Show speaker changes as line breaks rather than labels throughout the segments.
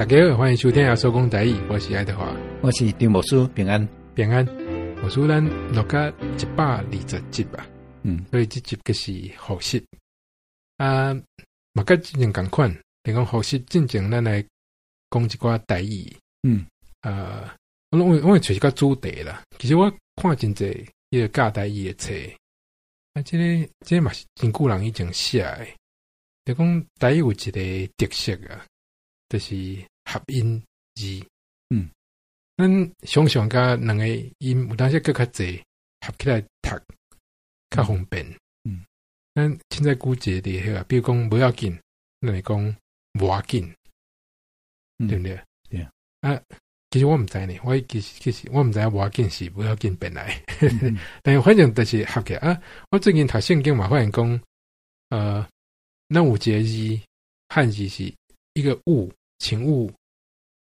大家好，歡迎收聽《耶穌講台語。我是愛德華，我是丁牧師，平安平安。我雖咱落加一百二十集吧，嗯，所以這集就是複習啊，冇個真正共款，你講複習真正咱來講幾個台語。嗯，呃、啊，我我我為確實個主題啦。其實我看真濟一個教台語嘅冊，啊，這個、個、這嘛、個、是真久人已經寫的，你講台語有一個特色啊，就是。合音字，嗯，咱想想加兩個音，有當時閣較濟合起來讀，較方便，嗯，咱、嗯、現在估計的，比如講不要緊，咱你講我緊，
對不對？對啊，
啊，其實我唔知呢，我其實其實我唔知我緊是不要緊本來，但反正都是合起來啊。我最近讀聖經嘛，發現講，呃，咱有一個字，漢字是一個物，請物。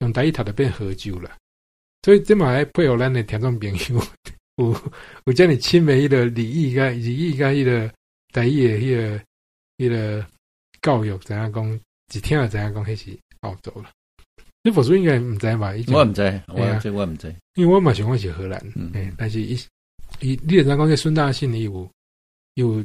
用台語讀就變澳洲了，所以這馬還配合咱的聽眾朋友有，我我遮爾親密的禮儀、那個禮儀個伊個台語個伊個伊個教育知影講，一聽就知影講，彼是澳洲了。這本書應該毋知吧？我毋知，我啊在，我毋知、這個。因為我嘛想講是荷蘭，嗯，但是一一你知影講這孫大信的有有。有